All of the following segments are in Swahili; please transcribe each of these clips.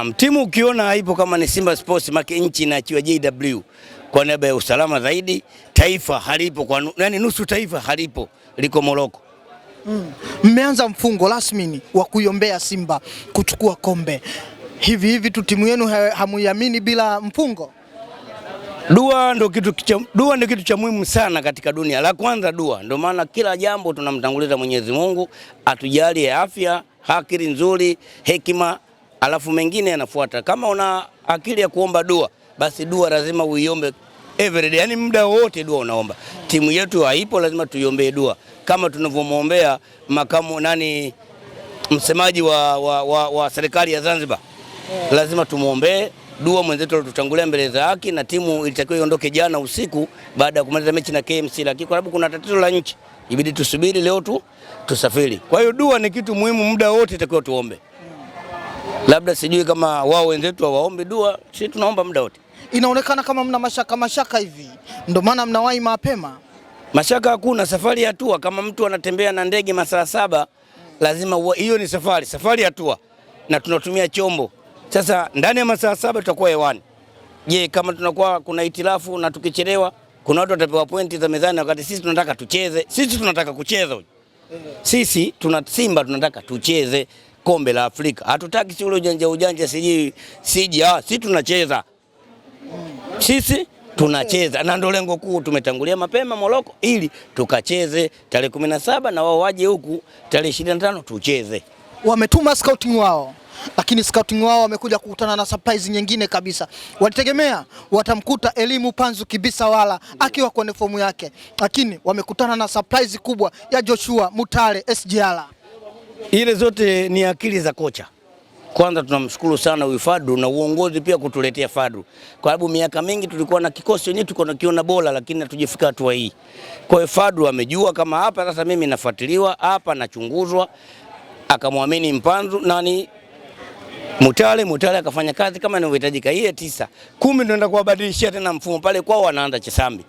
Naam, timu ukiona haipo kama ni Simba Sports maki nchi inaachiwa JW kwa niaba ya usalama zaidi, taifa halipo kwa yani nusu taifa halipo liko Moroko. Mm. Mmeanza mm, mfungo rasmi wa kuiombea Simba kuchukua kombe. Hivi hivi tu timu yenu hamuiamini bila mfungo? Dua ndo kitu cha, dua ndo kitu cha muhimu sana katika dunia. La kwanza dua, ndio maana kila jambo tunamtanguliza Mwenyezi Mungu, atujalie afya, akili nzuri, hekima alafu mengine yanafuata. Kama una akili ya kuomba dua, basi dua lazima uiombe everyday, yani muda wote dua unaomba. Timu yetu haipo, lazima tuiombee dua kama tunavyomwombea makamu nani msemaji wa, wa, wa, wa serikali ya Zanzibar yeah. Lazima tumwombee dua mwenzetu alitutangulia mbele za haki, na timu ilitakiwa iondoke jana usiku baada ya kumaliza mechi na KMC, lakini kwa sababu kuna tatizo la nchi ibidi tusubiri leo tu tusafiri. Kwa hiyo dua ni kitu muhimu, muda wote itakiwa tuombe labda sijui kama wao wenzetu hawaombe dua, sisi tunaomba muda wote. Inaonekana kama mna mashaka mashaka hivi, ndio maana mnawahi mapema. Mashaka hakuna, safari hatua. Kama mtu anatembea na ndege masaa saba, lazima hiyo ni safari, safari hatua, na tunatumia chombo. Sasa ndani ya masaa saba tutakuwa hewani. Je, kama tunakuwa kuna itilafu na tukichelewa, kuna watu watapewa pointi za mezani, wakati sisi tunataka tucheze. Sisi tunataka kucheza, eh. sisi tuna Simba tunataka tucheze kombe la Afrika. Hatutaki si ule ujanja ujanja, siji sija, ah, si tunacheza sisi tunacheza na ndio lengo kuu. Tumetangulia mapema Moroko ili tukacheze tarehe kumi na saba na wao waje huku tarehe ishirini na tano tucheze. Wametuma scouting wao, lakini scouting wao wamekuja kukutana na surprise nyingine kabisa. Walitegemea watamkuta Elimu Panzu Kibisa wala akiwa kwenye fomu yake, lakini wamekutana na surprise kubwa ya Joshua Mutale SGR. Ile zote ni akili za kocha. Kwanza tunamshukuru sana huyu Fadru na uongozi pia kutuletea Fadru, kwa sababu miaka mingi tulikuwa na kikosi wenyewe tulikuwa tunakiona bora, lakini hatujafika hatua hii. Kwa hiyo Fadru amejua kama hapa sasa mimi nafuatiliwa hapa, nachunguzwa, akamwamini Mpanzu nani Mutale Mutale akafanya kazi kama inavyohitajika. Yeye tisa kumi tunaenda kuwabadilishia tena mfumo pale kwao, wanaanza chesambi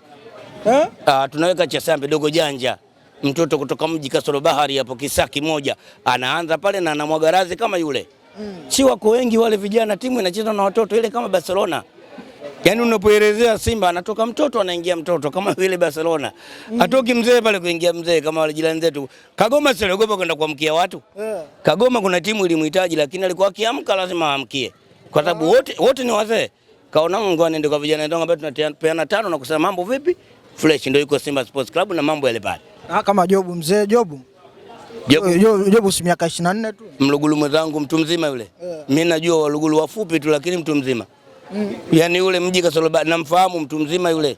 eh? Ah, tunaweka chesambi dogo janja mtoto kutoka mji kasoro bahari hapo kisaki moja anaanza pale na anamwaga razi kama yule mm. Si wako wengi wale vijana, timu inacheza na watoto ile kama Barcelona. Yaani unapoelezea Simba anatoka mtoto anaingia mtoto kama vile Barcelona. Mm. Atoki mzee pale kuingia mzee kama wale jirani zetu. Kagoma si kwenda kuamkia watu. Yeah. Kagoma kuna timu ilimhitaji lakini alikuwa akiamka lazima aamkie. Kwa sababu yeah. wote wote ni wazee. Kaona Mungu anaenda kwa vijana ndio ambao tunapeana tano na kusema mambo vipi? Fresh ndio yuko Simba Sports Club na mambo yale pale. Ah, kama Jobu mzee Jobu. Jobu, eh, Jobu, Jobu si miaka 24 tu. Mlugulu mwenzangu mtu mzima yule. Yeah. Mimi najua walugulu wafupi tu lakini mtu mzima. Mm. Yaani yule mji Kasolobada namfahamu mtu mzima yule.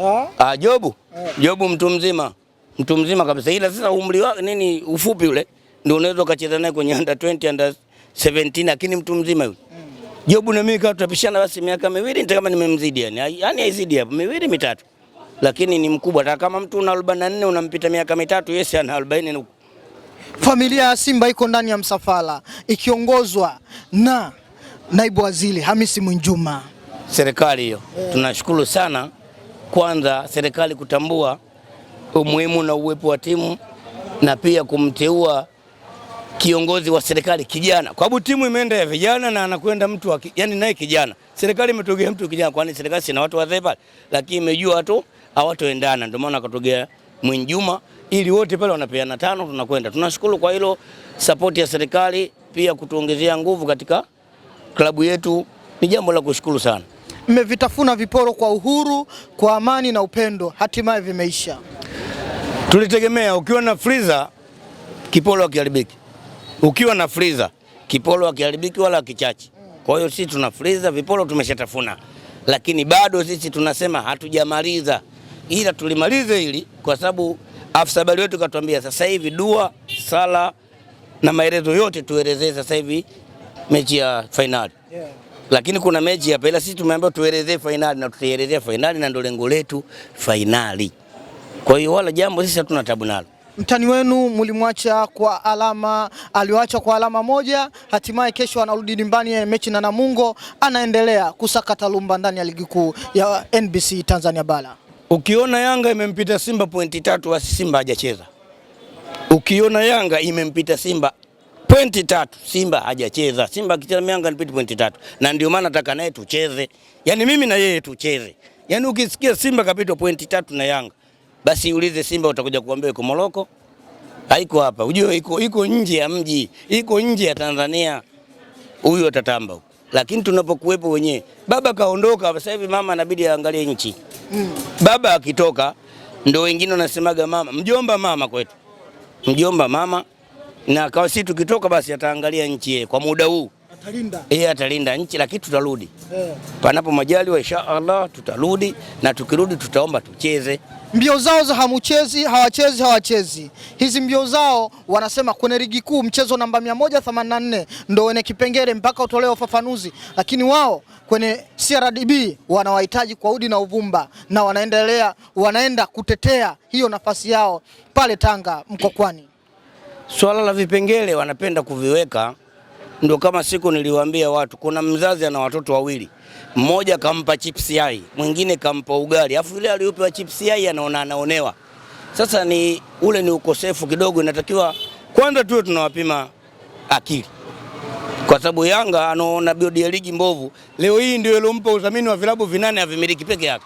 Yeah. Ah, Jobu. Yeah. Jobu mtu mzima. Mtu mzima kabisa. Ila sasa umri wake nini ufupi yule ndio unaweza kucheza naye kwenye under 20 under 17 lakini mtu mzima yule. Mm. Jobu na mimi kama tutapishana basi miaka miwili nitakama nimemzidi yani. Yaani haizidi hapo miwili mitatu lakini ni mkubwa. Hata kama mtu una 44 unampita miaka mitatu, yesi ana 40. Familia ya Simba iko ndani ya msafara ikiongozwa na naibu waziri Hamisi Mwinjuma. Serikali hiyo yeah. Tunashukuru sana kwanza serikali kutambua umuhimu na uwepo wa timu na pia kumteua kiongozi wa serikali kijana, kwa sababu timu imeenda ya vijana na anakwenda mtu wa yani naye kijana. Serikali imetokea mtu kijana, kwani serikali sina watu wazee pale, lakini imejua tu hawatoendana, ndio maana akatogea Mwinjuma ili wote pale wanapeana tano, tunakwenda. Tunashukuru kwa hilo support ya serikali pia kutuongezea nguvu katika klabu yetu, ni jambo la kushukuru sana. Mmevitafuna viporo kwa uhuru, kwa amani na upendo, hatimaye vimeisha. Tulitegemea ukiwa na friza kiporo akiharibiki, ukiwa na friza kiporo akiharibiki wala akichachi. Kwa hiyo sisi tuna friza, viporo tumeshatafuna, lakini bado sisi tunasema hatujamaliza ila tulimalize hili kwa sababu afisa habari wetu katuambia sasa hivi dua, sala na maelezo yote tuelezee sasa hivi mechi ya fainali yeah. Lakini kuna mechi hapa, ila sisi tumeambiwa tuelezee fainali na tutaielezea fainali na ndio lengo letu fainali. Kwa hiyo wala jambo sisi hatuna tabu nalo. Mtani wenu mlimwacha kwa alama, aliwacha kwa alama moja. Hatimaye kesho anarudi nyumbani, mechi na Namungo, anaendelea kusakata lumba ndani ya ligi kuu ya NBC Tanzania Bara. Ukiona Yanga imempita Simba pointi tatu, basi Simba hajacheza. Ukiona Yanga imempita Simba pointi tatu, Simba hajacheza. Simba akicheza Yanga anapita pointi tatu, na ndio maana nataka naye tucheze, yaani mimi na yeye tucheze. Yaani ukisikia Simba kapitwa pointi tatu na Yanga, basi ulize Simba, utakuja kuambia iko Moroko, haiko hapa. Ujue iko iko nje ya mji, iko nje ya Tanzania, huyo atatamba huko. Lakini tunapokuwepo wenyewe, baba kaondoka sasa hivi, mama anabidi aangalie nchi mm. Baba akitoka ndo wengine wanasemaga mama, mjomba mama kwetu, mjomba mama, na kwa sisi tukitoka basi ataangalia nchi kwa muda huu atalinda, eh, atalinda nchi, lakini tutarudi yeah. Panapo majali insha Allah tutarudi, na tukirudi tutaomba tucheze. Mbio zao za hamuchezi hawachezi hawachezi. Hizi mbio zao wanasema kwenye ligi kuu mchezo namba 184 ndio wenye kipengele mpaka utolewe ufafanuzi, lakini wao kwenye CRDB wanawahitaji kwa udi na uvumba, na wanaendelea wanaenda kutetea hiyo nafasi yao pale Tanga Mkokwani. Swala la vipengele wanapenda kuviweka Ndo kama siku niliwaambia watu, kuna mzazi ana watoto wawili, mmoja kampa chips yai, mwingine kampa ugali, afu yule aliyopewa chips yai anaona anaonewa. Sasa ni ule ni ukosefu kidogo, inatakiwa kwanza tuwe tunawapima akili, kwa sababu Yanga anaona bodi ya ligi mbovu. Leo hii ndio ilompa udhamini wa vilabu vinane avimiliki peke yake,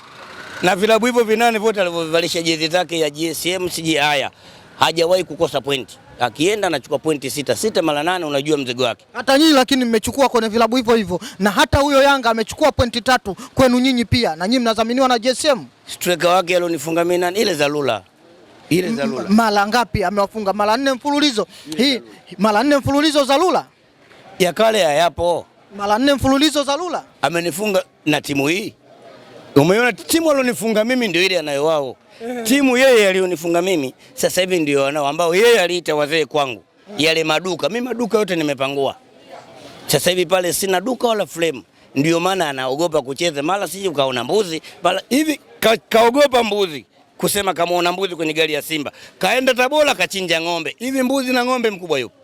na vilabu hivyo vinane vyote alivyovivalisha jezi zake ya GSM siji haya hajawahi kukosa pointi akienda anachukua pointi sita sita mara nane, unajua mzigo wake. Hata nyinyi lakini mmechukua kwenye vilabu hivyo hivyo, na hata huyo Yanga amechukua pointi tatu kwenu nyinyi pia, na nyinyi mnadhaminiwa na JSM. Striker wake alionifunga mimi nani ile za Lula ile za Lula mara ngapi amewafunga? Mara nne mfululizo. Hii mara nne mfululizo za Lula ya kale hayapo, mara nne mfululizo za Lula amenifunga na timu hii Umeona timu alionifunga mimi ndio ile anayowao. Eh. Timu yeye alionifunga mimi sasa hivi ndio wanao ambao yeye aliita wazee kwangu. Yale maduka, mimi maduka yote nimepangua. Sasa hivi pale sina duka wala frame. Ndio maana anaogopa kucheza mara sije ukaona mbuzi, mara hivi ka, kaogopa mbuzi. Kusema una mbuzi kwenye gari ya Simba. Kaenda Tabora kachinja ng'ombe. Hivi mbuzi na ng'ombe mkubwa yupo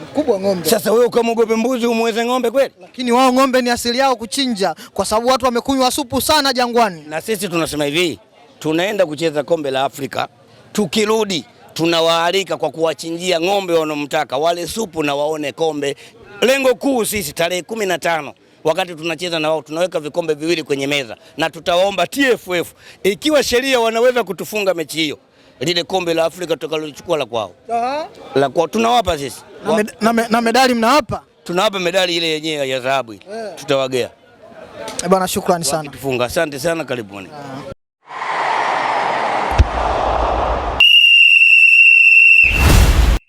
mkubwa ng'ombe. Sasa wewe ukamwogope mbuzi umweze ng'ombe kweli? Lakini wao ng'ombe ni asili yao kuchinja, kwa sababu watu wamekunywa supu sana jangwani. Na sisi tunasema hivi, tunaenda kucheza kombe la Afrika, tukirudi tunawaalika kwa kuwachinjia ng'ombe wanaomtaka wale supu na waone kombe. Lengo kuu sisi tarehe kumi na tano wakati tunacheza na wao tunaweka vikombe viwili kwenye meza, na tutawaomba TFF ikiwa sheria wanaweza kutufunga mechi hiyo lile kombe la Afrika tutakalochukua la kwao. Aha. La kwao tunawapa sisi. Na, med na, me na medali mnawapa? Tunawapa medali ile yenyewe ya dhahabu ile. Yeah. Tutawagea. Eh, bwana, shukrani sana. Tufunga. Asante sana, karibuni. Ah.